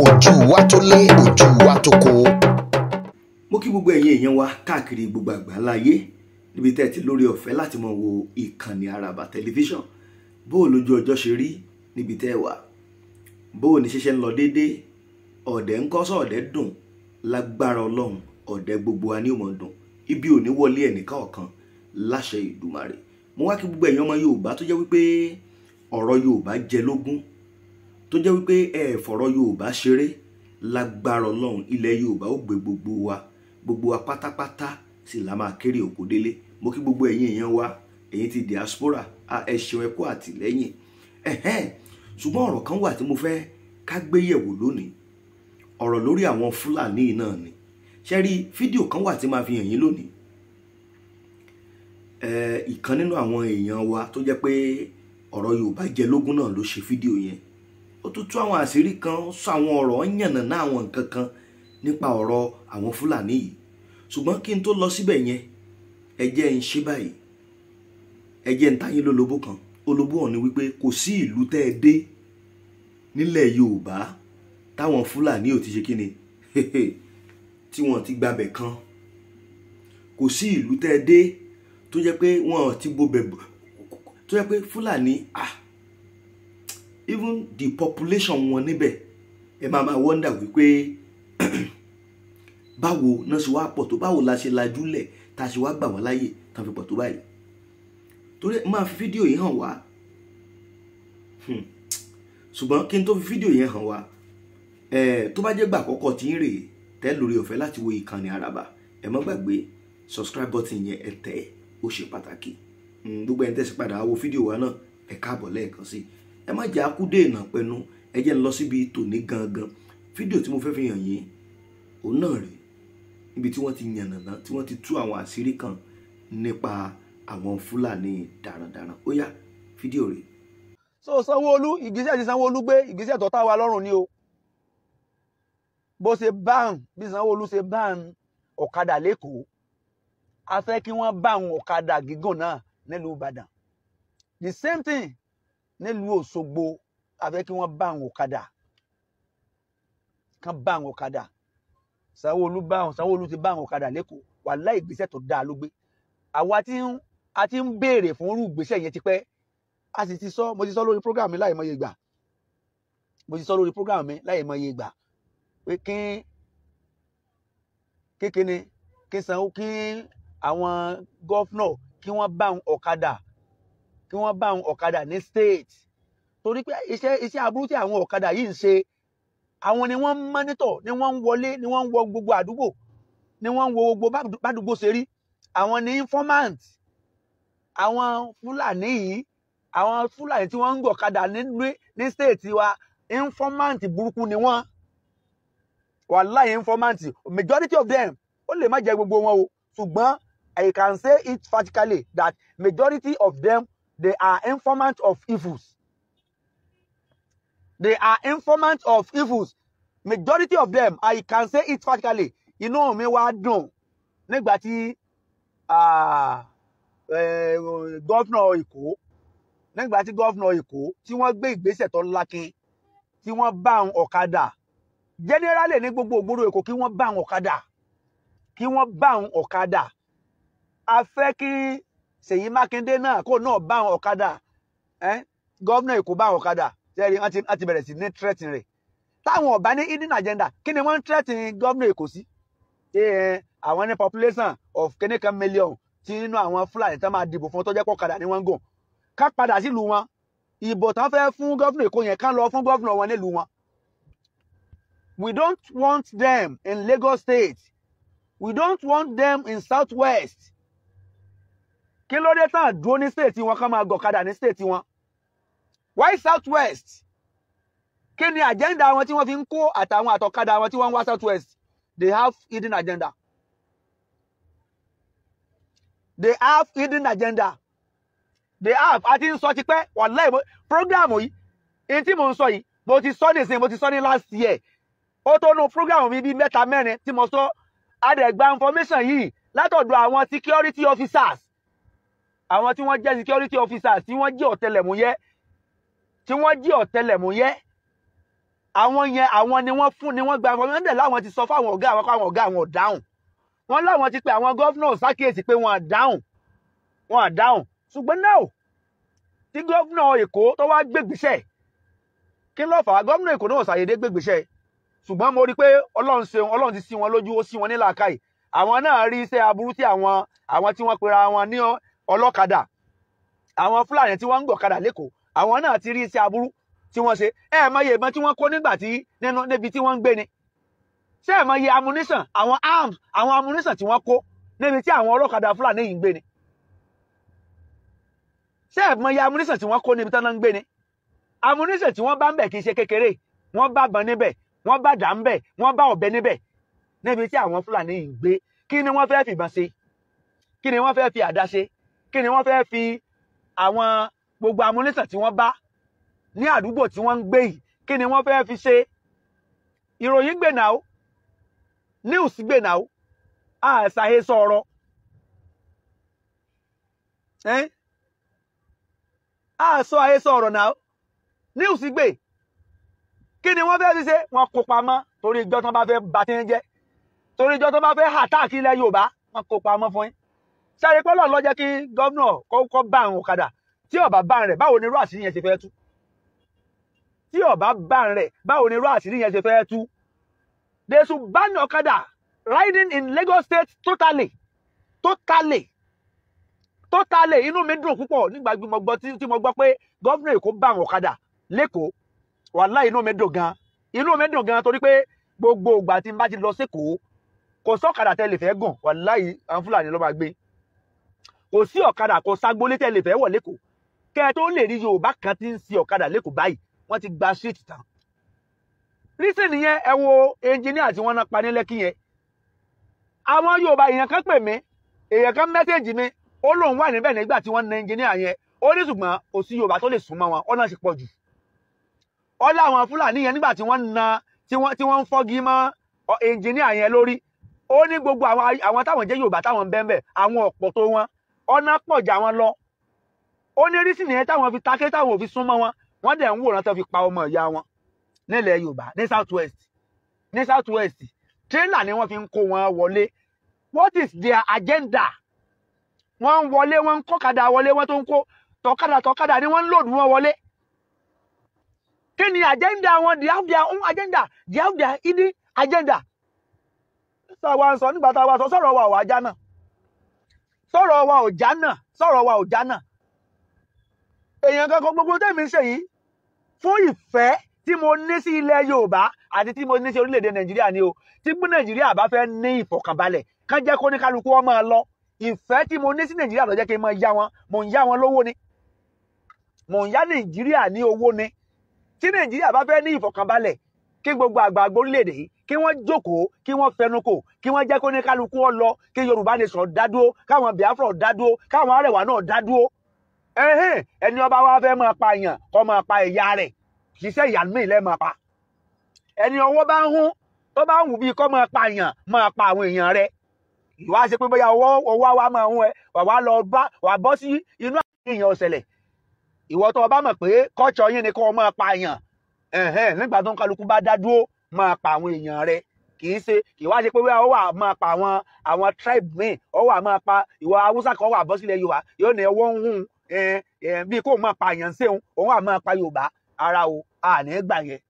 ojú wa tó lé ojú wa tó kó. mo kí gbogbo ẹ̀yin èèyàn wa káàkiri gbogbo àgbáńlá ayé níbi tẹ́ ẹ ti lórí ọ̀fẹ́ láti mọ̀ wo ìkànnì Àràbà tẹlifíṣàn bó o lójú ọjọ́ ṣe rí níbi tẹ́ ẹ wà bó o ní ṣiṣẹ́ ń lọ déédéé ọ̀dẹ̀ ń kọ́sọ́ ọ̀dẹ̀ dùn lágbára ọlọ́run ọ̀dẹ̀ gbogbo wa ní òmò dùn ibi ò ní wọlé ẹnìkan ọ̀kan láṣẹ Ìdùmarè mo wá kí gbogbo ẹ̀yin ọmọ Yorùbá tó jẹ́ wípé ọ̀rọ̀ Yorùbá jẹ lógún tó jẹ́ wípé ẹ fọ̀rọ̀ Yorùbá ṣeré lágbára Ọlọ́run ilẹ̀ Yorùbá ó gbé gbogbo wa gbogbo wa pátápátá sì la máa kéré òkú délé mo kí gbogbo ẹ̀yin èèyàn wa ẹ̀yin ti diaspora ẹ ṣeun ẹ kú àtìlẹ́yìn ẹ̀hẹ́n ṣùgbọ́n ọ̀rọ̀ kan wà tí mo fẹ́ ká gbéyẹ̀wò lónìí ọ̀rọ̀ lórí àwọn Fúlàní náà ni ṣe rí fídíò kan wà tí máa fi hàn yín lónìí ìkan nínú àwọn èèyàn wa tó jẹ́ pé ọ̀rọ̀ Yorùbá jẹ lógún náà ló ṣe fídíò yẹn ó tún tú àwọn àṣírí kan sọ àwọn ọ̀rọ̀ ó yànnàná àwọn nǹkan kan nípa ọ̀rọ̀ àwọn fúlàní yìí ṣùgbọ́n kí n tó lọ síbẹ̀ yẹn ẹ ń ṣe báyìí ẹ ń tayín lólobó kan olobó ọ̀ni wípé kò sí ìlú tẹ́ ẹ dé nílẹ̀ yorùbá táwọn fúlàní ò ti ṣe kíni tí wọ́n ti gbabẹ̀ kan kò sí ìlú tẹ́ ẹ dé tó jẹ́ pé wọ́n ti bobẹ̀ tó jẹ́ pé fúlàní ah even the population wọn níbẹ̀ ẹ máa máa wonder wípé báwo náà ṣe wá pọ̀ tó báwo la ṣe lajúlẹ̀ tá a ṣe wá gbà wọ́n láyè tá a fi pọ̀ tó báyìí torí máa fi fídíò yìí hàn wá hmm. ṣùgbọ́n kí n tó fi fídíò yẹn hàn wá tó bá jẹ́ gbà àkọ́kọ́ tí ń rèé tẹ́ lórí ọ̀fẹ́ láti wo ìkànnì àràbà ẹ má gbàgbé subscribe button yẹn ẹ tẹ̀ ó ṣe pàtàkì hmm, gbogbo ẹni tẹ̀sí padà wo fídíò wa náà ẹ káàbọ̀ lẹ́ẹ̀kan sí i ẹ má jẹ́ akúdé ìnà pẹnu ẹ jẹ́ lọ síbi tòní gangan fídíò tí mo fẹ́ fi hàn yín òun náà rèé níbi tí wọ́n ti yànnàná tí wọ́n ti tú àwọn àṣírí kan nípa àwọn fúlàní darandaran ó yá fídíò rèé. so sanwóolu ìgbésẹ̀ tí sanwóolu gbé ìgbésẹ̀ tó tá wa lọ́rùn ni o bó ṣe bán bí sanwóolu ṣe bán ọ̀kadà lẹ́kọ̀ọ́ a fẹ́ kí wọ́n bán ọ̀kadà gígùn náà nílùú ìbàdàn the same thing nílùú Òṣogbo afẹ́ kí wọ́n bá àwọn ọ̀kadà kan bá àwọn ọ̀kadà Sanwó-Olú bá àwọn Sanwó-Olú ti bá àwọn ọ̀kadà lẹ́kọ̀ọ́ wàláhì ìgbésẹ̀ tó dáa ló gbé àwa tí ń a ti ń béèrè fún irú ìgbésẹ̀ yẹn tipẹ́ a sì ti sọ mo ti sọ lórí program mi láìmọye ìgbà mo ti sọ lórí program mi láìmọye ìgbà pé kí kékeré kí sanwó kí àwọn gọ́fúnọ̀ kí wọ́n bá ọ̀kadà kí wọ́n bá àwọn ọ̀kadà ní state torí pé iṣẹ́ iṣẹ́ aburú tí àwọn ọ̀kadà yìí ń ṣe àwọn ni wọ́n ń mọ́nítọ̀ ni wọ́n ń wọlé ni wọ́n ń wọ gbogbo àdúgbò ni wọ́n ń wo gbogbo bádùgbò ṣe àwọn ni informant àwọn fúlàní yìí àwọn fúlàní tí wọ́n ń gbọ̀kadà ní state wa informant burúkú ni wọ́n wàláyé informant majority of them ó lè má jẹ́ gbogbo wọn o ṣùgbọ́n I can say it practically that majority of them they are informants of evils. They are informants of evils. Majority of them, I can say it practically. You know me what do? Negbati ah Èkó nígbà tí gọ́vnọ̀ Èkó tí wọ́n gbé ìgbésẹ̀ tó lákin tí wọ́n bá àwọn ọ̀kadà generally ní gbogbo ògbóró Èkó kí wọ́n bá àwọn ọ̀kadà kí wọ́n bá Ṣèyí Mákindé náà kó náà bá àwọn ọ̀kadà gọ́vnà Èkó bá àwọn ọ̀kadà sẹ́rí wọ́n ti bẹ̀rẹ̀ sí ní tírẹ̀tì rẹ̀ táwọn ọ̀bá ní hidden agenda kí ni wọ́n ń gọ́vnà Èkó sí àwọn ní population of kẹ́nìkan million tí nínú àwọn Fúlàní tán máa dìbò fún tọ́jẹ́ pọ̀kadà ni wọ́n gùn ká padà sílùú wọn ìbò tán fẹ́ fún gọ́vnà Èkó yẹn kán lọ fún gọ́vnà wọn nílùú wọn We don't want them in Lagos State. We don't want them in Southwest kí ló dé tán dúró ní stéètì wọn kán máa gọ̀kadà ní stéètì wọn why south west kí ni agenda wọn tí wọ́n fi ń kó àtàwọn àtọ̀kadà wọn tí wọ́n ń wá Southwest? they have hidden agenda they have hidden agenda they have àti ń sọ tipẹ́ wàláì program yìí èyí tí mò ń sọ yìí mo ti sọ nìsín mo ti sọ ní last year ó tó nu program mi bíi mẹ́ta mẹ́rin tí mo sọ adẹ̀gba information yìí látọ̀dọ̀ àwọn security officers àwọn tí wọ́n jẹ́ security officers tí wọ́n jẹ́ ọ̀tẹlẹ̀múyẹ́ tí wọ́n jẹ́ ọ̀tẹlẹ̀múyẹ́ àwọn yẹn àwọn ni wọ́n fún ni wọ́n gba àwọn ẹ̀ńdẹ̀ láwọn ti sọ fáwọn ọ̀gá àwọn káwọn ọ̀gá àwọn ọ̀dáhùn wọ́n láwọn ti pe àwọn gọ́fúnà ṣàkíyèsí pé wọ́n àdáhùn wọ́n àdáhùn ṣùgbọ́n náà tí gọ́fúnà èkó tó wá gbègbèsẹ̀ kí ló fà á gọ́fúnà èkó náà ṣàyẹ̀dẹ́ gbègbèsẹ̀ ṣùgbọ́n mo rí i pé ọlọ́run ṣeun ọlọ́run ti sí wọn lójú ó sí wọn nílàákàyè àwọn náà rí iṣẹ́ aburú tí àwọn àwọn tí wọ́n pera wọn ní ọlọ́kadà àwọn fúlàní tí wọ́n ń gbọ̀kadà lẹ́kọ̀ọ́ àwọn náà ti rí iṣẹ́ aburú tí wọ́n ṣe ẹ mọye ìbọn tí wọ́n kó nígbà tí nínú níbi tí wọ́n ń gbé ni ṣé ẹ mọye ammunition àwọn arms àwọn amunisan tí wọ́n kó níbi tí àwọn ọlọ́kadà fúlàní yìí ń gbé ni ṣé ẹ mọye ammunition tí wọ́n kó níbi tí wọ́n ń gbé ni ammunition tí wọ́n bá ń bẹ̀ kì í ṣe kékeré wọ́n bá bọ́n níbẹ̀ wọ́n bá dà ń bẹ̀ wọ́n bá ọ̀bẹ níbẹ̀ níbi kí ni wọ́n fẹ́ fi àwọn gbogbo amúnísàn tí wọ́n bá ní àdúgbò tí wọ́n ń gbé yìí kí ni wọ́n fẹ́ fi ṣe ìròyìn gbènà ó news gbènà ó àṣàhẹ sọ̀rọ̀ àṣọ àhẹ sọ̀rọ̀ náà news gbè kí ni wọ́n fẹ́ fi ṣe wọ́n kó pamọ́ torí ìjọ tó bá fẹ́ bà tí ń jẹ́ torí ìjọ tó bá fẹ́ hà táàkì ilẹ̀ Yorùbá wọ́n kó pamọ́ fún yín sáré pé Ọlọ́run ló jẹ́ kí gómìnà kọ́kọ́ bá àwọn ọ̀kadà tí ó bá bá rẹ̀ báwo ni irú àṣírí yẹn ṣe fẹ́ tú tí ó bá bá rẹ̀ báwo ni irú àṣírí yẹn ṣe fẹ́ tú they should ban ọ̀kadà riding in Lagos State totally totally totally inú mi dùn púpọ̀ nígbà tí mo gbọ́ tí mo gbọ́ pé gómìnà Èkó bá àwọn ọ̀kadà lẹ́kọ̀ọ́ wàhálà inú mi dùn gan inú mi dùn gan torí pé gbogbo ìgbà tí n bá ti lọ sékòó kò sọ́kadà tẹ́lẹ̀ fẹ́ gùn wàhálà àwọn Fúlàní ló máa gbé kò sí ọ̀kadà kan ságbólé tẹ́lẹ̀ fẹ́ wọ̀ lẹ́kọ̀ọ́ kẹ́ ẹ tó lè rí yorùbá kan tí ń sin ọ̀kadà lẹ́kọ̀ọ́ báyìí wọ́n ti gba ṣíìtì tán rísì nìyẹn ẹ wo ẹnjìníà tí wọ́n ná pa ní lẹ́kì yẹn àwọn yorùbá èèyàn kan pè mí èèyàn kan mẹ́sẹ̀jì mi ó lóun wà níbẹ̀ nígbà tí wọ́n ná ẹnjìníà yẹn ó ní ṣùgbọ́n kò sí yorùbá tó lè súnmọ́ wọn ọ̀nà ṣe pọ̀ jù ọ̀là àwọn fúlàní yẹn nígbà tí wọ́n ná tí wọ́n ń fọ́gi mọ́ ẹnjìníà yẹn lórí ó ní gbogbo àwọn táwọn jẹ́ yorùbá táwọn bẹ́ẹ̀ bẹ́ẹ̀ àwọn ọ̀pọ̀ tó wọn ọ̀nà pọ̀jà wọn lọ ó ní rí sí nìyẹn táwọn fi také táwọn ò fi súnmọ́ wọn wọ́n dẹ̀ ń wòran tó fi pa ọmọ ìyá wọn nílẹ̀ Yorùbá ní south west ní south west tírélà ni wọ́n fi ń kó wọn wọlé what is their agenda wọ́n ń wọlé wọ́n ń kọ́kadà wọlé wọ́n tó ń kó tọ́kadà tọ́kadà ni wọ́n ń lòdù wọn wọlé kí ni agenda wọn they have their own agenda they have their hidden agenda. sọ wa ń sọ nígbà tá a wá sọ sọ̀rọ̀ wa ò wá já náà sọ̀rọ̀ wa ò jánà sọ̀rọ̀ wa ò jánà èèyàn kankan gbogbo tẹ́mi ṣe yìí fún ìfẹ́ tí mo ní sí ilẹ̀ Yorùbá àti tí mo ní sí orílẹ̀-èdè Nàìjíríà ni o tí gbé Nàìjíríà bá fẹ́ ní ìfọ̀kànbalẹ̀ kán jẹ́ kó ní kálukú wọn máa lọ ìfẹ́ tí mo ní sí Nàìjíríà ló kí n máa yá wọn mò ń yá wọn lówó ni mò ń yá Nàìjíríà ní owó ni tí Nàìjíríà bá fẹ́ ní ìfọ̀kànbalẹ̀ kí gbogbo àgbààgbà orílẹ̀-èdè yìí kí wọ́n jókòó kí wọ́n fẹnukò kí wọ́n jẹ́ kó ní kálukú ọ lọ kí Yorùbá nation dádúró káwọn Biafra dádúró káwọn arẹwà náà dádúró ẹni ọba wa fẹ́ máa pa èèyàn kọ́ máa pa ẹ̀yà rẹ̀ ṣiṣẹ́ ìyànú mi lẹ́ máa pa ẹni ọwọ́ bá ń hún tó bá ń wù bíi kọ́ máa pa èèyàn máa pa àwọn èèyàn rẹ̀ ìwà ṣe pé bóyá ọwọ́ ọwọ́ wa máa hún ẹ wà lọ bá wà bọ́ sí inú àwọn èèyàn ọ̀sẹ̀lẹ̀ ìwọ tó mọ̀ pé kọ́ọ̀ṣọ́ nígbà tó ń kálukú bá dá dúró máa pa àwọn èèyàn rẹ kì í ṣe kì í wá ṣe pé wíwá ó wà máa pa àwọn àwọn tribe míì ó wà máa pa ìwà haúsá kan wà bọ́ sílẹ̀ yorùbá yóò ní ẹwọ́ ń hùn bíi kó máa pa àyàn ṣéun òun wà máa pa yorùbá ara o àní gbà yẹn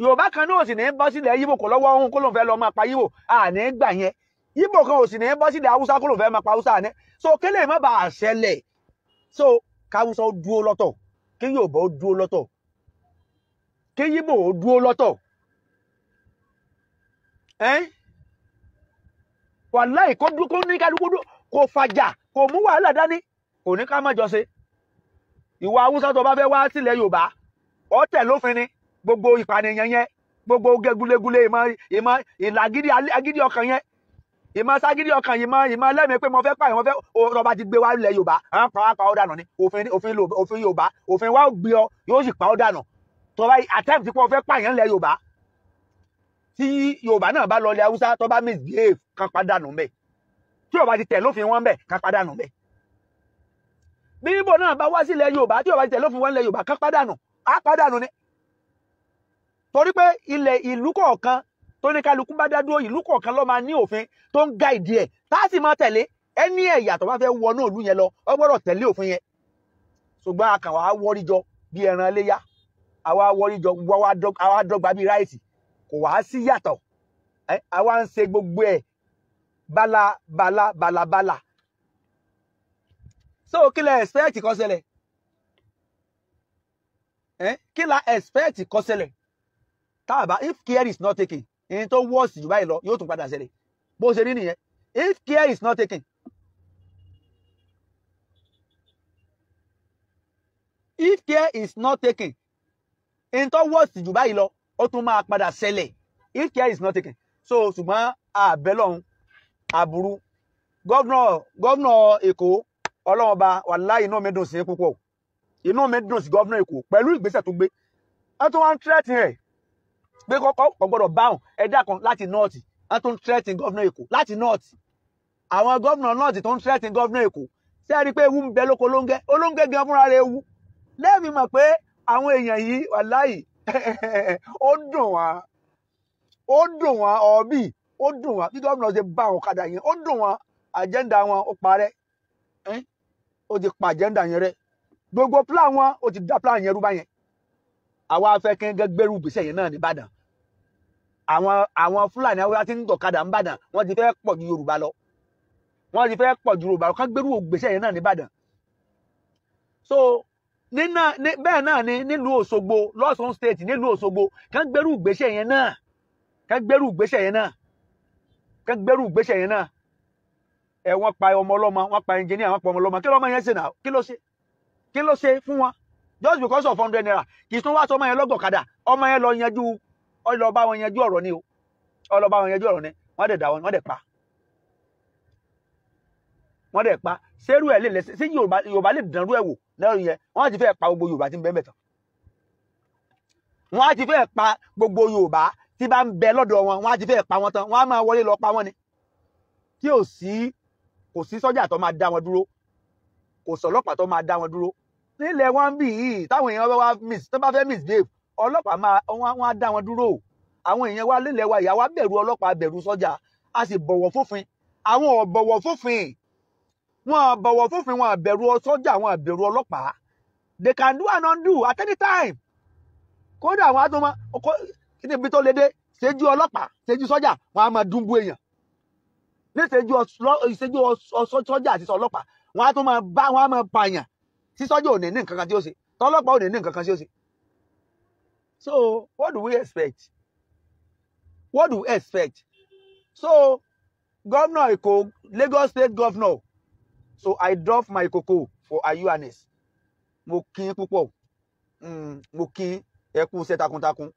yorùbá kan náà sì ní bọ́ sílẹ̀ yíbò kò lọ́wọ́ ń kó lóun fẹ́ lọ máa pa yíbò àní gbà yẹn yíbò kan ò sì ní bọ́ sílẹ̀ haúsá kó lóun fẹ́ máa pa haúsá àní so kélé má bàa ṣẹlẹ̀ so káwúsá ó dúró lọ́tọ̀ kí yorùbá ó dúró lọ́tọ̀ kéyìnbó ò dúró lọ́tọ̀ wàláì kó dúró kó ní kálukú dúró kó fàjà kó mú wàhálà dání kò ní ká má jọ ṣe ìwà haúsá tó bá fẹ́ wá sílẹ̀ yorùbá ọ̀tẹ̀ lófin ni gbogbo ìpànìyàn yẹn gbogbo gẹgulegule ìmọ̀ ìmọ̀ ìlàgídí agídí ọkàn yẹn ìmọ̀ ságídí ọkàn ìmọ̀ ìmọ̀ lẹ́mìí pé mo fẹ́ pààyàn mo fẹ́ ọba ti gbé wá ilẹ̀ yorùbá àwọn pa wá ni òfin yorùbá òfin wa gbé ọ yóò sì pa ọ́ tọba attempt pọ̀ fẹ́ pààyàn lẹ yorùbá tí yorùbá náà bá lọ ilẹ̀ haúsá tọba misbehave kan pàdánù mbẹ tí yorùbá ti tẹ̀ lófin wọn mbẹ kan pàdánù mbẹ bí ibo náà bá wá sílẹ̀ yorùbá tí yorùbá ti tẹ̀ lófin wọn ilẹ̀ yorùbá kan pàdánù á pàdánù ni torí pé ilẹ̀ ìlú kọ̀ọ̀kan tó ní kálukú bá dá dúró ìlú kọ̀ọ̀kan ló máa ní òfin tó ń gáìdì ẹ̀ tá a sì máa tẹ̀lé ẹni ẹ̀yà tó bá fẹ́ wọnú ìlú yẹn lọ ó gbọ́dọ̀ tẹ̀lé òfin yẹn ṣùgbọ́n a kàn wá wọ́rí jọ bí ẹran iléyá àwa wọríjọ àwa dọ́gba bíi ráìsì kò wá sí yàtọ̀ àwa ń ṣe gbogbo ẹ̀ bala bala bala bala so kí la expect kó ṣẹlẹ̀ kí la expect kó ṣẹlẹ̀ if care is not taken ẹni tó wọ́ọ̀sì jù báyìí lọ yóò tún padà ṣẹlẹ̀ bó ṣe rí nìyẹn if care is not taken if care is not taken in tó wọ́ọ̀sì jù báyìí lọ ó tún máa padà ṣẹlẹ̀ if care is not taken so ṣùgbọ́n àbẹ́lọ́hún àbúrú gọ́vnọ̀ gọ́vnọ̀ èkó ọlọ́mọba wàláhì inú mi dùn sí púpọ̀ inú mi dùn sí gọ́vnọ̀ èkó pẹ̀lú ìgbésẹ̀ tó gbé wọ́n tún wá ń tírẹ́tì rẹ̀ pé kọ́kọ́ kò gbọ́dọ̀ báwọn ẹ̀dá kan láti nọ́ọ̀tì wọ́n tún ń tírẹ́tì gọ́vnọ̀ èkó láti nọ́ọ̀tì àwọn gọ́vnọ̀ nọ́ọ̀tì tó ń tírẹ́tì gọ́vnọ̀ èkó ṣé pé ewu ń bẹ lóko olóńgẹ́ olóńgẹ́ gan fúnra rẹ̀ ewu lẹ́ẹ̀mí mọ̀ pé àwọn èèyàn yìí wàláì ó dùn wá ó dùn wá ọ̀ọ́bì ó dùn wá bí gómìnà ṣe bá àwọn ọ̀kadà yẹn ó dùn wá àjẹ́ndà wọn ó parẹ́ ó ti pa àjẹ́ndà yẹn rẹ́ gbogbo plan wọn ó ti da plan yẹn rúbá yẹn àwa afẹ́kẹ́ gẹ́gbẹ́rú gbèsè yẹn náà nìbàdàn àwọn àwọn fúlàní awúrá tí ń gọ̀kadà nìbàdàn wọ́n ti fẹ́ pọ̀ ju yorùbá lọ wọ́n ti fẹ́ pọ̀ ju yorùbá lọ kán gbẹ́rú ògbèsè yẹn náà nìbàdàn so bẹ́ẹ̀ náà ni nílùú Òṣogbo lọ́sùn state nílùú Òṣogbo kàn gbẹ́rù ìgbésẹ̀ yẹn náà kàn gbẹ́rù ìgbésẹ̀ yẹn náà kàn gbẹ́rù ìgbésẹ̀ yẹn náà ẹ wọ́n pa ọmọ ọlọ́mọ wọ́n pa engineer, wọ́n pa ọmọ ọlọ́mọ kí lọ́mọ yẹn ṣe náà kí ló ṣe kí ló ṣe fún wọn just because of hundred naira kì í tún wá sọ ọmọ yẹn lọ́gọ̀kadà ọmọ yẹn lọ yanjú ọlọ́ba wọn yanjú ọ̀rọ̀ ni o ọlọ́ba wọn yanjú ọ̀rọ̀ ni wọ́n dẹ̀ dà wọn wọ́n dẹ̀ pa wọ́n dẹ̀ pa sẹ́rù ẹ̀ lè lẹ́sẹ̀ sí yorùbá lè dànrú ẹ̀ wò lẹ́rù yẹn wọ́n ti fẹ́ pa gbogbo yorùbá tí ń bẹ mẹ́tàn wọ́n á ti fẹ́ pa gbogbo yorùbá tí bá ń bẹ lọ́dọ̀ wọn wọ́n á ti fẹ́ pa wọn tán wọ́n á máa wọlé lọ pa wọn ni tí ò sí kò sí sọ́jà tó máa dá wọn dúró kò sọ̀lọ́pàá tó máa dá wọn dúró nílẹ̀ wọn bì í táwọn èèyàn wá miss tó bá fẹ́ misbehave ọlọ́pàá máa wọ́n á dá wọn dúró àwọn èèyàn wa nílẹ̀ wa ìyá wa bẹ̀rù ọlọ́pàá bẹ̀rù sọ́jà a sì bọ̀wọ̀ fófin àwọn ò bọ̀wọ̀ fófin wọn àbọ̀wọ̀ fófin wọn àbẹ̀rù sọ́jà wọn àbẹ̀rù ọlọ́pàá they can do and undo at any time kódà àwọn àtúmọ̀ ọkọ níbi tó lédè ṣéjú ọlọ́pàá ṣéjú sọ́jà wọn á máa dúnbú èèyàn ní ṣéjú sọ́jà àti ọlọ́pàá wọn á tún máa bá wọn á máa pààyàn sí sọ́jà ò ní ní nǹkan tí ó ṣe tọ́lọ́pàá ò ní ní nǹkan tí ó ṣe. so what do we expect what do we expect so gómìnà Èkó Lagos state governor so i drop my cocoa for ayuanes mo kín púpọ̀ mm, mo kín ẹ kú iṣẹ́ takuntakun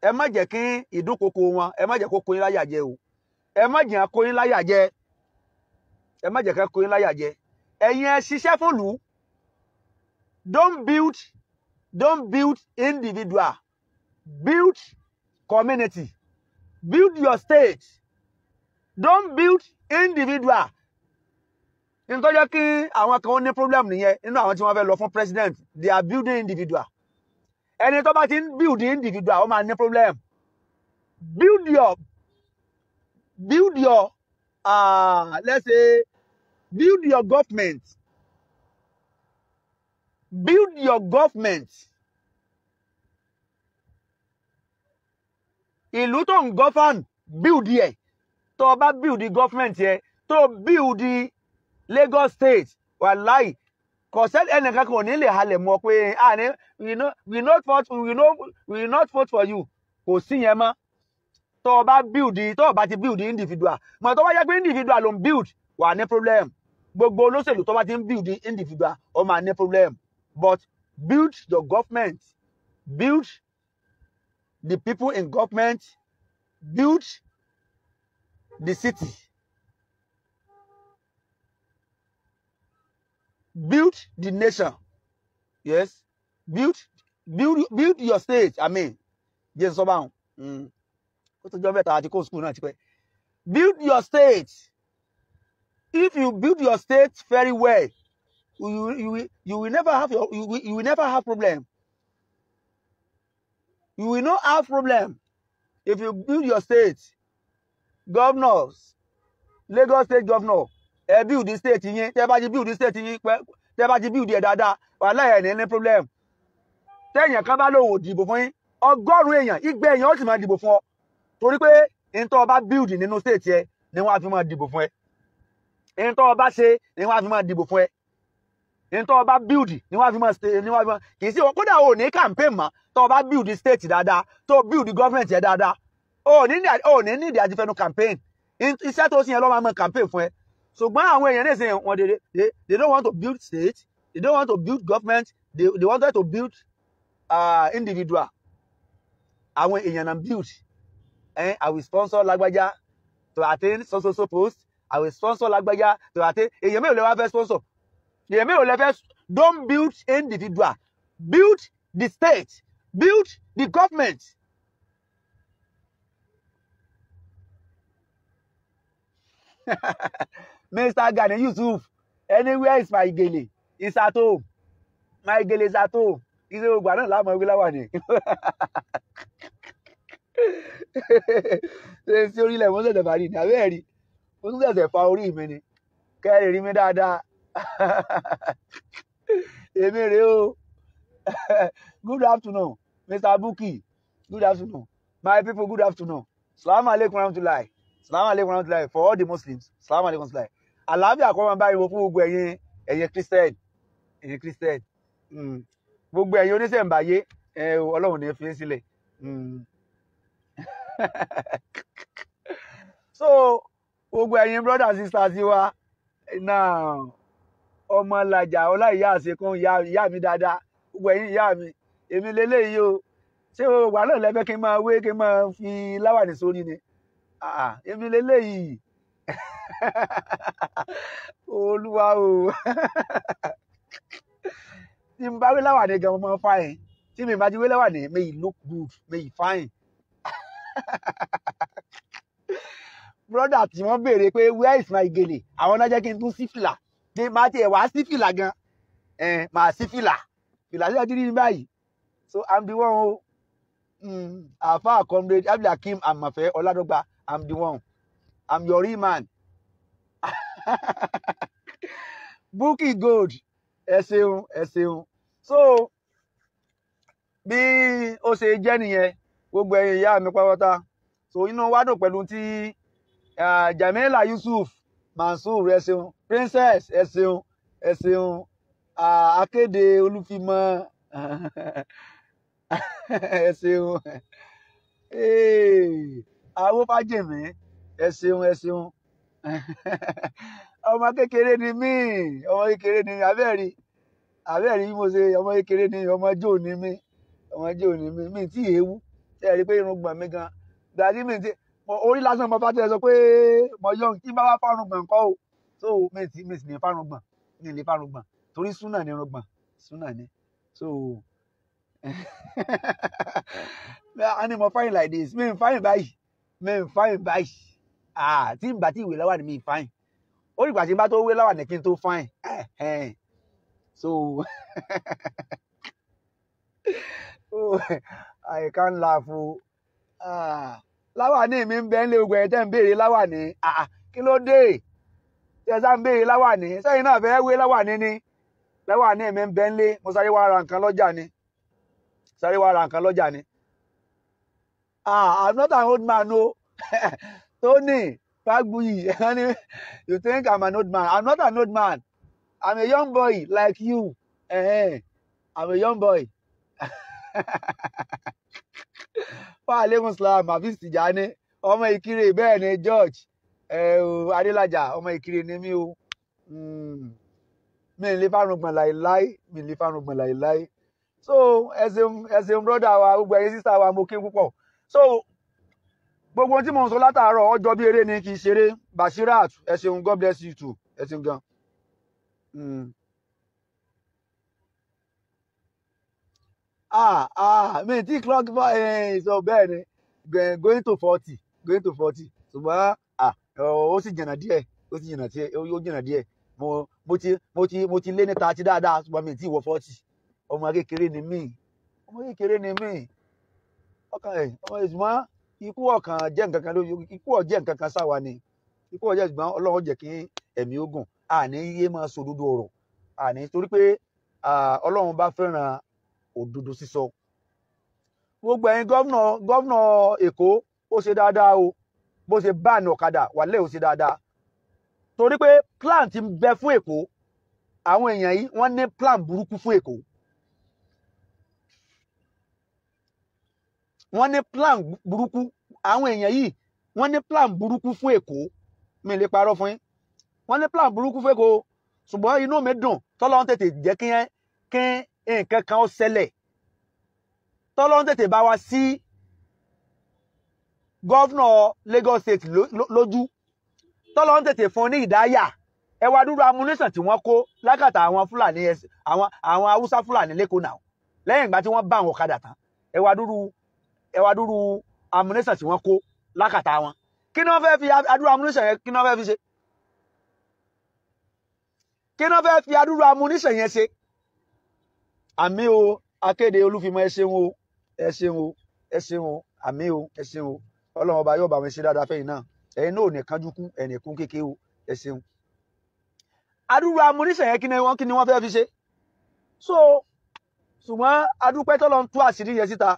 ẹ má jẹ́ kí ìdúnkokò wọn ẹ má jẹ́ kó kóyin láyà jẹ o ẹ má jẹ́ kóyin láyà jẹ ẹ má jẹ́ kó kóyin láyà jẹ ẹ̀yin ẹ ṣiṣẹ́ fún lù don't build don't build individual build community build your state don't build individual ní tó jẹ́ kí àwọn kan ó ní problem nìyẹn nínú àwọn tí wọ́n fẹ́ lọ fún president they are building individual ẹni tó bá ti ń build individual ó máa ní problem build your build your uh, let's say build your government build your government ìlú tó ń govern build yẹ tó o bá build government yẹ tó build. the. Lagos State wàláì kọ̀sẹ́lì ẹnìkan kò ní lè halẹ̀ mọ́ pé àní ah, we not vote we no we not vote for you kò sí yẹn mọ́ tó o bá build tó o bá ti build individual mọ̀ tó bá yẹ pé individual ló ń build wà ní problem gbogbo olóṣèlú tó bá ti ń build individual ó máa ní problem but build your government build the people in government build the city. build the nation yes build build build your state i mean jésù sọ báwọn mm. ó tó jọ mẹ́ta àti kó school náà ti pẹ́ build your state if you build your state very well you you you will never have your you will, you will never have problem you will not have problem if you build your state governors Lagos state governor ẹ build state yín tẹ́ bá ti build state yín tẹ́ bá ti build ẹ̀ dáadáa wàhálà ẹ̀ ní ní problem tẹ́yìn kan bá lòun ò dìbò fún yín ọgọ́rùn-ún èèyàn igbe èèyàn ó sì máa dìbò fún ọ torí pé ntọ́ ọba build nínú state yẹ ni wọ́n á fi máa dìbò fún ẹ ntọ́ ọba ṣe ni wọ́n á fi máa dìbò fún ẹ ntọ́ ọba build ni wọ́n á fi máa ṣe ni wọ́n á fi máa kì í sí kódà o ní campaign mọ́ tọ́ ọba build state dáadáa tọ́ build government yẹ dáadáa o ní ní ìdí àti fẹnu campaign iṣẹ́ tó sì yẹn lọ́ máa mọ campaign fún ẹ So when èèyàn lè ṣe they they they don't want to build state they don't want to build government they they wanted to build uh, individual went in and build eh, I will sponsor lágbájá to attend so so so post I will sponsor lágbájá to attend. èèyàn mélòó lè wá fẹ́ sponsor èèyàn mélòó lè fẹ́ don't build individual build the state build the government Mr. Gani Yusuf anywhere is my gele is at home my gele is at home ìṣe gbogbo àná làwọn ọmọ wíwá wà ní. ṣe sí orílẹ̀ mo ṣẹ̀ṣẹ̀ bàrí ní abẹ́ẹ̀ rí mo tún ṣẹ̀ṣẹ̀ fa orí mi ni kẹ́rì rí mi dáadáa èmi rèé o good afternoon Mr. Bukky good afternoon my people good afternoon salaam aleykum rahmatulahi salamu aleykum rahmatulahi for all the muslims salamu aleykum rahmatulahi àlàáfíà kọ́ máa bá ìwọ fún gbogbo ẹ̀yin ẹ̀yin christian ẹ̀yin christian hmm. gbogbo ẹ̀yin oníṣẹ̀ǹbáyé ọlọ́run ní fi ń sílẹ̀ hmm. so gbogbo ẹ̀yin brothers sisters wa náà ọmọlàjà ọláìyá àṣekún ìyá mi dáadáa gbogbo ẹ̀yin ìyá mi èmi lélẹ́yìí o ṣé o wà náà lẹ́fẹ́ kí n máa wé kí n máa fi láwàní sórí ni Ah, ah, èmi lélẹ́yìí olúwa o tí n bá wí láwàní gan mo máa fine tí mi bá ti wí láwàní may look good may fine brother tí wọ́n béèrè pé where is my gele àwọn náà jẹ́ kí n tún sí fìlà ní máa tiẹ̀ wá sí fìlà gan máa sí fìlà fìlà sí àdírí báyìí so i'm the one o hmm, àfa comrade abdulhakeem amafe ọládọgba I'm the one. I'm your real man. Bukky Gold ẹ ṣeun So bí ó ṣe jẹ́ nìyẹn gbogbo ẹ̀yin ìyá mi pátápátá. So inú wa dùn pẹ̀lú tí Jamila Yusuf Mansur ẹ Princess ẹ ṣeun ẹ ṣeun akéde olúfimọ ẹ ṣeun. Hey àwo fájèmí ẹ ṣeun ẹ ṣeun ọmọ kékeré ni mí ọmọ kékeré ni abẹ́ẹ̀rí abẹ́ẹ̀rí mo ṣe ọmọ kékeré ni ọmọ jò ni mí ọmọ jò ni mí mi tí èéwú ṣe rí i pé irun gbọ̀n mi gan dàdí mi ti orí lásán mo bá tẹ sọ pé mo yọ kí bá wá fárun gbọ̀n kọ́ o so mi ti mi sì lè fárun gbọ̀n mi lè fárun gbọ̀n torí súnà ni irun gbọ̀n súnà ni so a ni mo fine like this mi n fine báyìí mi ń fáyìn báyìí ah, tí n bá tí ìwé láwà ni mi ń fáyìn ó rí ìgbà n bá tó wé láwà ní kí n tó fáyìn so oh, I can laugh o láwà ní mi ń bẹ ń lé ogun ẹ̀ tẹ́ ń béèrè láwà ní ah, kí ló dé tí ẹ sá ń béèrè láwà ní sẹ́yìn náà fẹ́ wé láwà ní ni láwà ní mi ń bẹ ń lé mo sáré wá ra nǹkan lọ́jà ni sáré wá ra nǹkan lọ́jà ni ah i'm not an old man no. Tony Fagbuyi ẹni you think i'm an old man i'm not an old man i'm a young boy like you eh, i'm a young boy wa aleykum salam hafiz tijani ọmọ ìkirè bẹ́ẹ̀ ni George eh, adélájà ọmọ ìkirè ni mí o hmm. mi ò lè fárùngbọ̀n láìláì mi ò lè fárùngbọ̀n láìláì so as a as a brother wa gbogbo sister, sísá wa mo kí púpọ̀. so gbogbo tí mo ń sọ látàárọ̀ ọjọ́ bí eré ni kì í ṣeré Bashirat ẹ ṣeun God bless you too ẹ ṣeun gan. Hmm. ah ah mi ti clock sọ bẹ́ẹ̀ ni going to forty going to forty ṣùgbọ́n ah ó sì jìnnà díẹ̀ ó sì jìnnà díẹ̀ ó jìnnà díẹ̀ mo mo ti mo ti mo ti lé ní thirty dáadáa ṣùgbọ́n mi ti wọ forty ọmọ kékeré ni mí ọmọ kékeré ni mí ọkàn ẹ̀ ọmọ ìsúnmọ́ ikú ọkàn jẹ́ nǹkan kan lójú ikú ọ̀ jẹ́ nǹkan kan sáwa ni ikú ọ̀ jẹ́ ṣùgbọ́n ọlọ́run jẹ́ kí ẹ̀mí ogun àní yé máa sọ òdodo ọ̀rọ̀ àní torí pé ọlọ́run bá fẹ́ràn òdodo sísọ. gbogbo ẹ̀yin gọ́vnà gọ́vnà èkó ó ṣe dáadáa o bó ṣe báàni ọ̀kadà wàlẹ́ ò ṣe dáadáa torí pé plan ti ń bẹ fún èkó àwọn èèyàn yìí wọ́n ní plan burúkú fún èkó wọ́n ní plan burúkú àwọn èèyàn yìí wọ́n ní plan burúkú fún èkó mi lè parọ́ fún yín wọ́n ní plan burúkú fún èkó ṣùgbọ́n inú mi dùn tọ́lọ́ ń tètè jẹ́ kí nǹkan kan ó ṣẹlẹ̀ tọ́lọ́ ń tètè bá wa sí gọ́vnọ̀ Lagos State lójú tọ́lọ́ ń tètè fún ní ìdáyà ẹ wá dúró amúnísàn tí wọ́n kó lákàtà àwọn Fúlàní àwọn àwọn Haúsá Fúlàní lẹ́kọ̀ọ́ náà lẹ́yìn ìgbà tí wọ́n bá àwọn ọ̀kadà tán ẹ dúró ẹwà dúró amúnésàn tí wọ́n kó lákàtà wọn kí ni wọ́n fẹ́ fi adúrú amúnésàn yẹn kí ni wọ́n fẹ́ fi ṣe kí ni wọ́n fẹ́ fi adúrú amúnésàn yẹn ṣe àmì o akéde olúfimọ ẹ ṣeun o ẹ ṣeun o ẹ o àmì o ẹ o ọlọ́run ọba yóò bá wọn ṣe dáadáa fẹ́yìn náà ẹ̀yin náà ò ní kánjú kú ẹ̀yìn kún kéke o ẹ ṣeun adúrú yẹn kí ni wọ́n fẹ́ fi ṣe so ṣùgbọ́n adúpẹ́ tọ́lọ́ ń tú àṣírí yẹn síta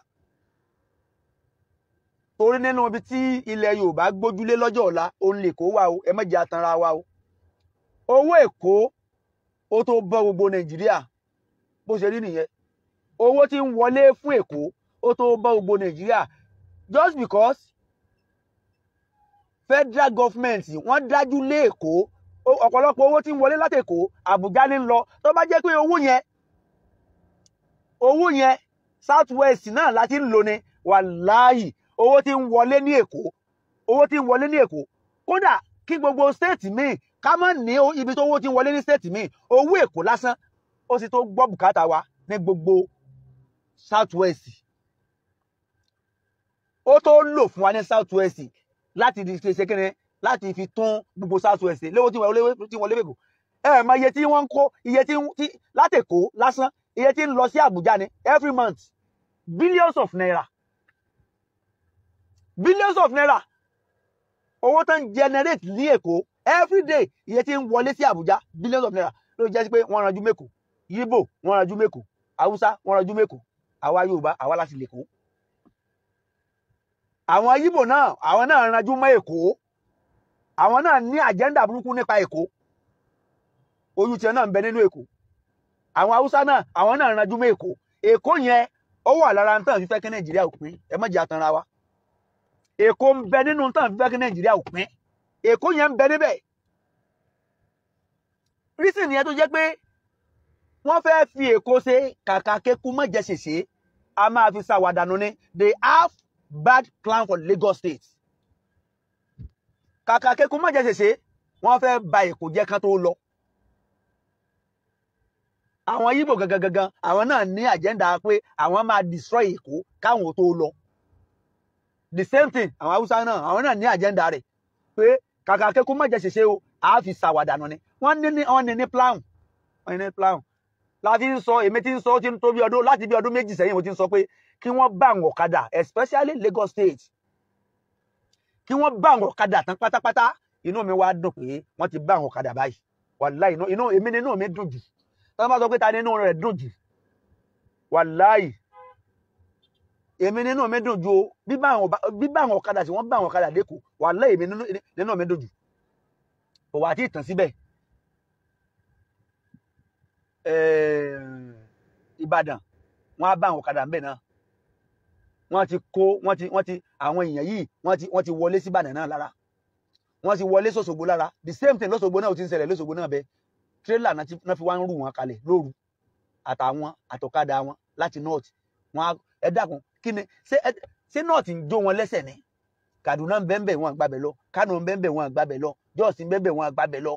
torí nínú ibi tí ilẹ̀ Yorùbá gbójúlé lọ́jọ́ ọ̀la òun lè kó wa o ẹ má jẹ́ atanra wa o owó Èkó ó tó bọ́ gbogbo Nàìjíríà bó ṣe rí nìyẹn owó tí ń wọlé fún Èkó ó tó bọ́ gbogbo Nàìjíríà just because federal government wọ́n dájú lé Èkó ọ̀pọ̀lọpọ̀ owó tí ń wọlé láti Èkó Àbújá ní ń lọ tó bá jẹ́ pé owó yẹn owó yẹn South West náà láti ń lò ní wàláyì owó tí ń wọlé ní èkó owó tí ń wọlé ní èkó kódà kí gbogbo stéètì míì ká má ní ibi tó owó tí ń wọlé ní stéètì míì owó èkó lásán ó sì tó gbọ́ bùkátà wa ní gbogbo south west ó tó lò fún wa ní south west láti fi ṣe kíni láti fi tún gbogbo south west lówó tí ń wọlé èkó ẹ mọ iye tí wọ́n ń kó iye tí látèkó lásán iye tí ń lọ sí àbújá ni every month billions of naira billions of naira owó tó ń generate ní èkó day. iye tí ń wọlé sí àbújá billions of naira ló jẹ́ pé wọ́n ranjú mẹ́kọ̀ọ́ yíbò wọ́n ranjú mẹ́kọ̀ọ́ haúsá wọ́n ranjú mẹ́kọ̀ọ́ àwa yorùbá àwa láti lè kó àwọn yíbò náà àwọn náà ranjú mọ́ èkó àwọn náà ní àjẹ́ndà burúkú nípa èkó ojú tiẹ̀ náà ń bẹ nínú èkó àwọn haúsá náà àwọn náà ranjú mọ́ èkó èkó yẹn ó wà lára ń fífẹ́ kí nàìjíríà òpin ẹ má jẹ́ àtànra wa èkó ń bẹ nínú tán fífẹ́ kí nàìjíríà ò pín èkó yẹn ń bẹ níbẹ̀ rísì nìyẹn tó jẹ́ pé wọ́n fẹ́ fi èkó ṣe kàkà kéku mọ̀jẹ̀ ṣèṣe a máa fi ṣàwàdànù ni they have bad plan for Lagos State kàkà kéku mọ̀jẹ̀ ṣèṣe wọ́n fẹ́ ba èkó jẹ́ kan tó lọ àwọn Yíbò gangan gangan àwọn náà ní àjẹ́ndà pé àwọn máa destroy èkó káwọn tó lọ the same thing àwọn haúsá náà àwọn náà ní agenda rẹ̀ pé kàkà akẹ́kọ̀ọ́ má jẹ́ ṣèṣe o àá fi ṣàwàdànù ni wọ́n ní ní wọ́n ní ní plan wọ́n ní ní plan la fi ń sọ èmi ti ń sọ ó ti ń tó bí ọdún láti bí ọdún méjì sẹ́yìn mo ti ń sọ pé kí wọ́n bá àwọn ọ̀kadà especially Lagos State kí wọ́n bá àwọn ọ̀kadà tán pátápátá inú mi wá dùn pé wọ́n ti bá àwọn ọ̀kadà báyìí wàláì inú èmi nínú mi dùn jù tọ́lá bá sọ pé ta nínú rẹ̀ dùn jù wàláì èmi nínú mi dùn ju bíbá àwọn ọ̀kadà tí wọ́n bá àwọn ọ̀kadà lẹ́kọ̀ọ́ wà lẹ́ èmi nínú mi dùn jù kò wà tí ì tàn síbẹ̀ Ìbàdàn wọ́n á bá àwọn ọ̀kadà ńbẹ̀ náà wọ́n ti kó wọ́n ti wọ́n ti àwọn èèyàn yìí wọ́n ti wọ́n ti wọlé sí Ìbàdàn náà lára wọ́n ti wọlé sọ́sọ́gbó lára the same thing lọ́sọ̀gbó náà ò ti ń ṣẹlẹ̀ lọ́sọ̀gbó náà bẹ tírélà náà fi wá ń rù wọn kalẹ̀ lóru àtàwọn àtọ̀kadà wọn láti north wọn ẹ dákun kí ni ṣé north ń jó wọn lẹ́sẹ̀ ni Kaduna ń bẹ́ẹ̀ bẹ́ẹ̀ wọn àgbàbẹ̀ lọ Kano ń bẹ́ẹ̀ bẹ́ẹ̀ wọn àgbàbẹ̀ lọ Jos ń bẹ́ẹ̀ wọn àgbàbẹ̀ lọ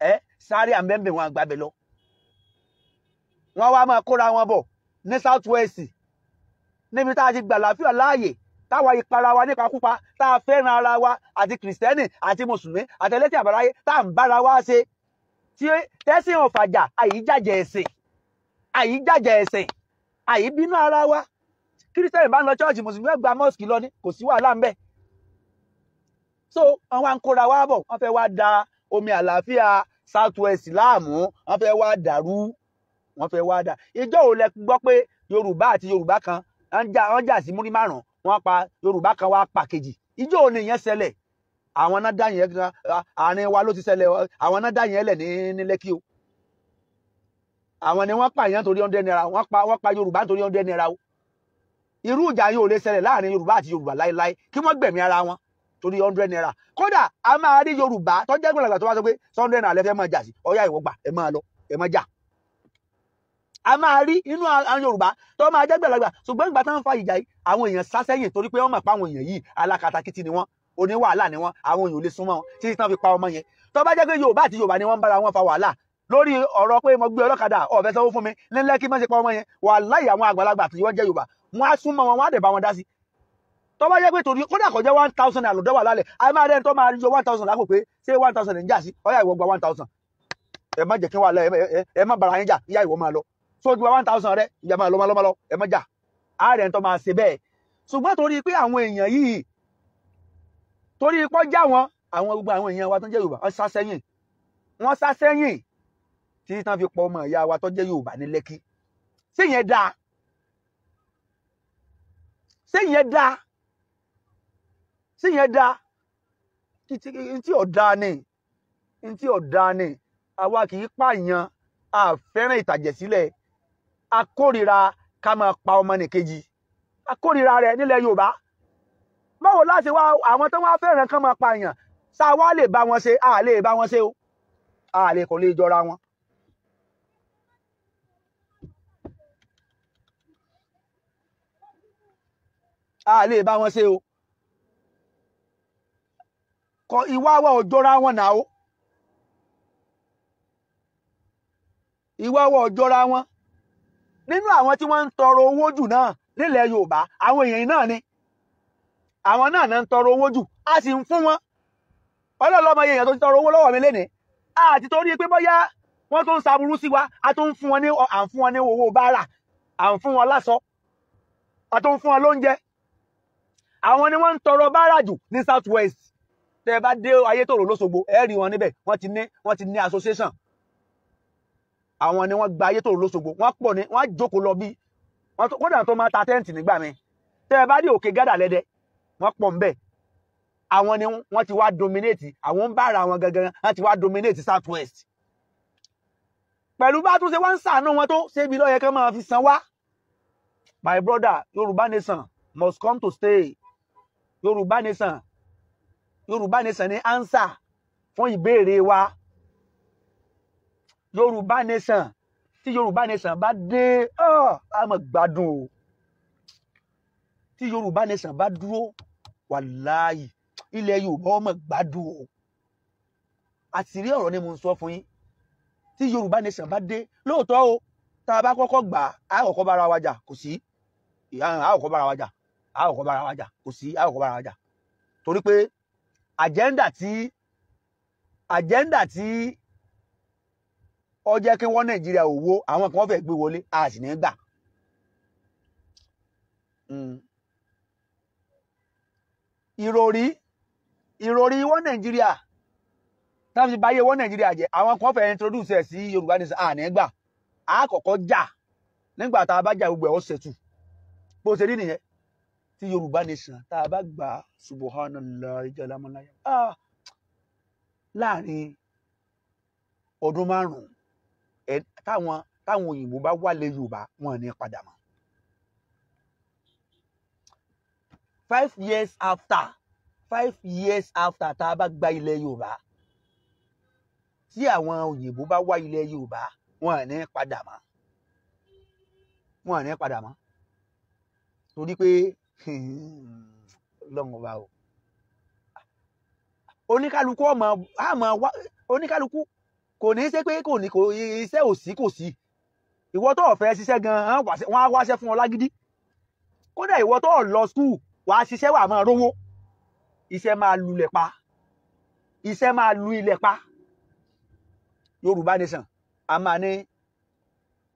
ẹ Zaria ń bẹ́ẹ̀ wọn àgbàbẹ̀ lọ. wọ́n wá máa kóra wọn bọ̀ ní south west níbi tá a ti gbà láfíà láàyè táwa ìpara wa nípakúpa tá a fẹ́ràn ara wa àti kìrìsìtẹ́nì àti mùsùlùmí àtẹlẹ́sìn àbáráyé tá à ń bára wa ṣe tí tẹ́sìn ọ̀fàjà àyíjàjẹ̀ ẹ̀sìn àyíjàjẹ̀ ẹ̀sìn àyíbínú ara wa kírísítẹ́nì bá ń lọ ṣọ́ọ̀ṣì mùsùlùmí gba mọ́ọ̀sì lọ ní kò sí wàhálà ń so àwọn wá wa bọ̀ wọ́n fẹ́ wá da omi àlàáfíà south west láàmú wọ́n fẹ́ wá dàrú wọ́n fẹ́ wá dà ìjọ ò lẹ gbọ́ pé yorùbá àti yorùbá kan jà sí múrí márùn wọ́n pa yorùbá kan wá pa kejì ìjọ ò yẹn àwọn náà dá yẹn àárín wa ló ti ṣẹlẹ̀ àwọn náà dá yẹn lẹ̀ ní ní lẹ́kì o àwọn ni wọ́n irú ìjà yóò lè ṣẹlẹ̀ láàrin yorùbá àti yorùbá láéláé kí wọ́n gbẹ̀mí ara wọn torí hundred naira kódà a máa rí yorùbá tó jẹ́ gbọ̀nàgbà tó wá sọ pé hundred naira lẹ́fẹ̀ẹ́ máa jà sí ọ̀yá ìwọ gbà ẹ máa lọ ẹ máa jà a máa rí inú àwọn yorùbá tó máa jẹ́ gbọ̀nàgbà ṣùgbọ́n ìgbà tó ń fa ìjà yìí àwọn èèyàn sá sẹ́yìn torí pé wọ́n mọ̀ pé àwọn èèyàn yìí alákatakítí ni wọ́n oní wàhálà ni wọ́n àwọn èèyàn ò lè súnmọ́ wọn títí tán fi pa ọmọ yẹn tó bá jẹ́ pé yorùbá àti yorùbá ni wọ́n ń bára wọn fa wàhálà lórí ọ̀rọ̀ pé mo gbé ọlọ́kadà ọ̀fẹ́ sanwó fún mi nílẹ̀ kí má ṣe pa ọmọ yẹn wàhálà àwọn àgbàlagbà àti wọ́n jẹ́ yorùbá wọ́n á súnmọ́ wọn wọ́n á dẹ̀ bá wọn dá sí tó bá yẹ pé torí kódà kọjá one thousand naira lọ́dọ̀ wà lálẹ́ àyè máa rẹ́ni tó máa yọ one thousand lápò pé ṣé one thousand ń jà sí ọ̀yà ìwọ gba one thousand ẹ má jẹ́ kí wà lẹ́ ẹ má bara yín jà ìyá ìwọ máa lọ tó ju one thousand rẹ ìyá máa lọ máa lọ máa lọ ẹ má jà àyè rẹ́ni tó máa ṣe bẹ́ẹ̀ ṣùgbọ́n torí pé àwọn èèyàn yìí torí pọ́jà wọn àwọn gbogbo àwọn èèyàn wa tó ń jẹ́ Yorùbá wọ́n sá sẹ́yìn wọ́n sá sẹ́yìn tí tán fi pọ̀ ọmọ ìyá wa tó jẹ́ Yorùbá ní Lẹ́kì sí yẹn dáa ṣé ìyẹn dáa ṣé ìyẹn dáa ntí ọ̀dà ni ntí ọ̀dà ni àwa kì í pààyàn a fẹ́ràn ìtàjẹ̀sílẹ̀ a kórìíra ká máa pa ọmọnìkejì a kórìíra rẹ̀ nílẹ̀ Yorùbá báwo láti wá àwọn tó wá fẹ́ràn ká máa pààyàn ṣáà wá lè bá wọn ṣe a lè bá wọn ṣe o a lè kò lè jọra wọn a lè bá wọn ṣe o kọ ìwà wa ò jọra wọn náà o ìwà wa ò jọra wọn nínú àwọn tí wọn ń tọrọ owó jù náà nílẹ Yorùbá àwọn èèyàn náà ni àwọn náà náà ń tọrọ owó jù a sì ń fún wọn ọlọ́lọ́mọ èèyàn tó ti tọrọ owó lọ́wọ́ mi lénìí àti torí pé bọyá wọn tó ń saburú sí wa a tó ń fún wọn ní à fún wọn ní owó báárà à ń fún wọn láṣọ a tó ń fún wọn lóúnjẹ àwọn ni wọ́n ń tọrọ bárà jù ní south west tẹ́ ẹ bá dé ayétòrò lóṣogbo ẹ rí wọn níbẹ̀ wọ́n ti ní wọ́n ti ní association àwọn ni wọ́n gba ayétòrò lóṣogbo wọ́n pọ̀ ní wọ́n jókòó lọ bí kódà tó máa ta tẹ́ǹtì nígbà mi tẹ́ ẹ bá dé òkè gádà lẹ́dẹ wọ́n pọ̀ ńbẹ̀ àwọn ni wọ́n ti wá dominate àwọn ń bára wọn gangan wọ́n ti wá dominate south west pẹ̀lú bá tún ṣe wá ń sàánú wọn tó ṣébi lọ́yẹ máa fi san wá my brother Yorùbá nation must come to stay yorùbá nation yorùbá nation ní ánsà fún ìbéèrè wa yorùbá nation tí yorùbá nation bá dé ah, a máa gbádùn o tí yorùbá nation bá dúró wàláyì ilẹ̀ yorùbá ó máa gbádùn o àtìrí ọ̀rọ̀ ni mo ń sọ fún yín tí yorùbá nation bá dé lóòótọ́ o tá a bá kọ́kọ́ gbà á kọ́kọ́ bára wa kò sí a kọ́kọ́ bára wa a ò kọ́ bára wa jà kò sí a ò kọ́ bára wa jà torí pé àjẹ́ndà tí àjẹ́ndà tí ó jẹ́ kí wọ́n nàìjíríà òwò àwọn kan fẹ́ gbé wọlé a sì ní gbà. Hmm. ìròrí ìròrí wọ́n nàìjíríà táwọn ti báyé wọ́n nàìjíríà jẹ́ àwọn kan fẹ́ introduce ẹ̀ sí yorùbá ní sàn àní gbà á kọ́kọ́ jà nígbà tá a bá jà gbogbo ẹ̀ ó ṣètù bó ṣe rí nìyẹn tí yorùbá nation tá a bá gbà subhanallah ìjọlámọláyà ah láàrin ọdún márùn-ún ẹ táwọn táwọn òyìnbó bá wálé yorùbá wọn ní padà mọ́. five years after five years after tá a bá gba ilẹ̀ yorùbá tí àwọn òyìnbó bá wá ilẹ̀ yorùbá wọn ní padà mọ́ wọn ní padà mọ́ torí pé lọ́wọ́n bá o oníkálukú ọmọ àmọ́ wá oníkálukú kò ní í ṣe pé kò ní kò iṣẹ́ ò sí kò sí ìwọ tó ọ̀fẹ́ ṣiṣẹ́ gan-an wọ́n á wáṣẹ́ fún ọ lágídí kódà ìwọ tó lọ skul wàá ṣiṣẹ́ wàá máa rówó iṣẹ́ máa lulẹ̀ pa iṣẹ́ máa lu ilẹ̀ pa Yorùbá nation a máa ní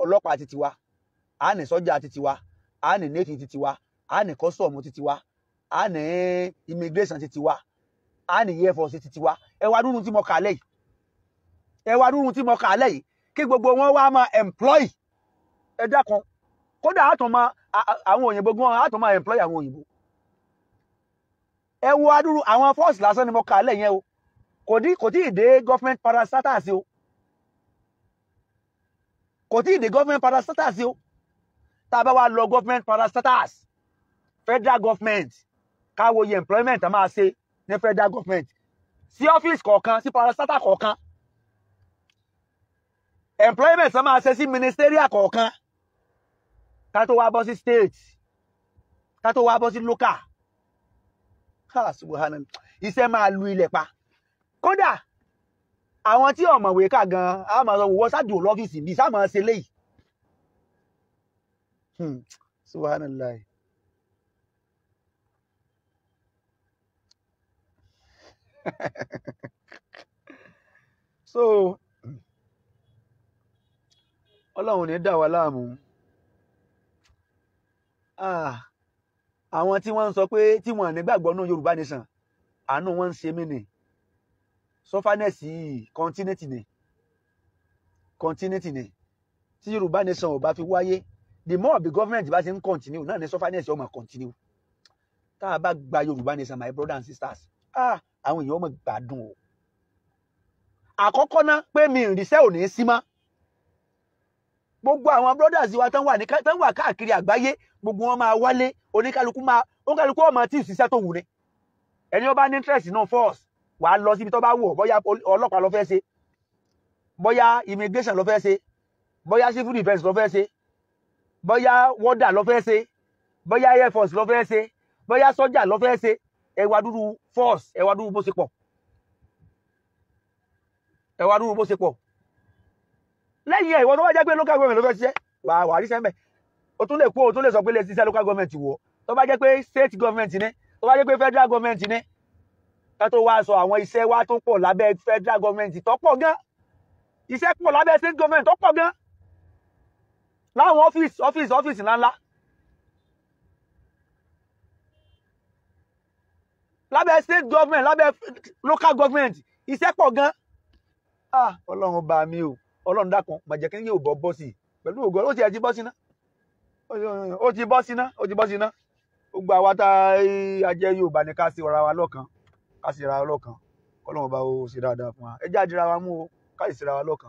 ọlọ́pàá titiwa a ní sọ́jà titiwa a ní nẹ́ẹ̀tì titiwa a ní custom títí wa a ní immigration títí wa a ní air force títí wa ẹ wá tí mo kà lẹ́yìn ẹ wá tí mo kà lẹ́yìn kí gbogbo wọn wá máa employ ẹ dákun kódà àtún máa àwọn òyìnbó gan àtún máa employ àwọn òyìnbó ẹ wo adúrú àwọn force lásán ni mo kà lẹ́yìn o kò tí kò tí ì dé government parastatals o kò tí ì dé government parastatals o tá a bá wa lọ government parastatals federal government káwo yẹ employment máa ṣe ní federal government sí office kọ̀ọ̀kan sí parastata kọ̀ọ̀kan employment máa ṣe sí ministerial kọ̀ọ̀kan ká tó wá bọ́ sí state ká tó wá bọ́ sí local iṣẹ́ máa lu ilẹ̀ pa kódà àwọn tí ọ̀mọ̀wé kà gan a máa sọ wọ́n ṣáàdì ò lọ́fíìsì bíi sáà máa ṣe léyìí hmm, subhanallah so ọlọ́run ní dà wá láàmú ah, àwọn tí wọ́n ń sọ pé tí wọ́n ní gbàgbọ́ nù Yorùbá nation àánú wọn ń ṣe mí nì sọfánẹ́sì kọ́ńtínẹ́tì ni kọ́ńtínẹ́tì ni tí Yorùbá nation ò bá fi wáyé the more the government bá ti ń continue náà ni sọfánẹ́sì ọmọ continue tá a bá gba Yorùbá nation my brothers and sisters ah àwọn èèyàn ọmọ gbádùn o àkọ́kọ́ ná pé mi ìrìnsẹ́ ò ní í sí mọ́ gbogbo àwọn brothers wa tán wà ní tán wà káàkiri àgbáyé gbogbo wọn máa wálé oníkálukú máa oníkálukú ọmọ tí ìṣiṣẹ́ tó wù ni ẹni ó bá ní interest náà force wàá lọ síbi tó bá wù ọ́ bóyá ọlọ́pàá lọ fẹ́ ṣe bóyá immigration lọ fẹ́ ṣe bóyá civil defence lọ fẹ́ ṣe bóyá wọ́dà lọ fẹ́ ṣe bóyá air force lọ fẹ́ ṣe bóyá sọ́jà lọ fẹ́ ṣe ẹwà dúró force ẹwà dúró bó ṣe pọ̀ ẹwà dúró bó ṣe pọ̀ lẹ́yìn ẹ̀ tó wá jẹ́ pé local government ló fẹ́ ṣiṣẹ́ wà wà rí sẹ́ńbẹ̀ o tún lè kó o tún lè sọ pé lè ṣiṣẹ́ local government wọ̀ tó bá jẹ́ pé state government ni tó bá jẹ́ pé federal government ni ká tó wá sọ àwọn iṣẹ́ wa tó pọ̀ lábẹ́ federal government tó pọ̀ gan iṣẹ́ pọ̀ lábẹ́ state government tó pọ̀ gan láwọn ọ́fíìsì ọ́fíìsì ọ́fíìsì ńláńlá lábẹ́ state government lábẹ́ local government iṣẹ́ pọ̀ gan ah ọlọ́run bá mi o ọlọ́run dákun màjẹ́ kí ni yóò bọ́ bọ́ sí i pẹ̀lú ògo ó ti ẹ̀ ti bọ́ síná ó ti bọ́ síná ó ti bọ́ síná gbogbo àwa tá a jẹ́ Yorùbá ni ká sí ara wa lọ́kan ká sí ara wa lọ́kan ọlọ́run bá o ṣe dáadáa fún wa ẹ jáde ra wa mú o ká sì sí ara wa lọ́kan.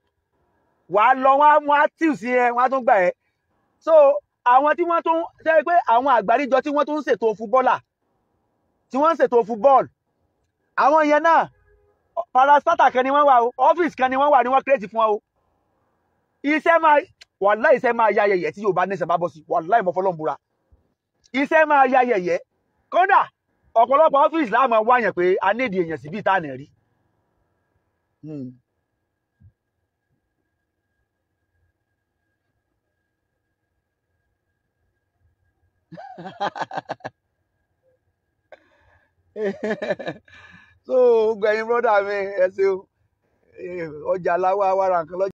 wàá lọ wọn á mú active sí ẹ wọn á tún gbà ẹ so àwọn tí wọ́n tún ṣe pé àwọn àgbáríjọ tí wọ́n tún ń ṣètò fúbọ́ọ̀là tí wọ́n ń ṣètò fúbọ́ọ̀lù àwọn yẹn náà parastata kan ni wọ́n wà o ọ́fíìsì kan ni wọ́n wà ni wọ́n kírètì fún ọ iṣẹ́ máa wàhálà iṣẹ́ máa ya yẹ̀yẹ́ tí yorùbá nation bá bọ̀ sí wàhálà ìmọ̀fọ́lọ́mùbúra iṣẹ́ máa ya yẹ̀yẹ́ kódà ọ̀pọ̀lọpọ̀ ọ́fíìsì láàmú wáyàn pé a nídìí èèyàn síbí tá à ní rí. Hmm. so gbẹ̀yìn brọ́dà mi ẹ ṣeun ọjà láwa wàrà nǹkan lọ́jà.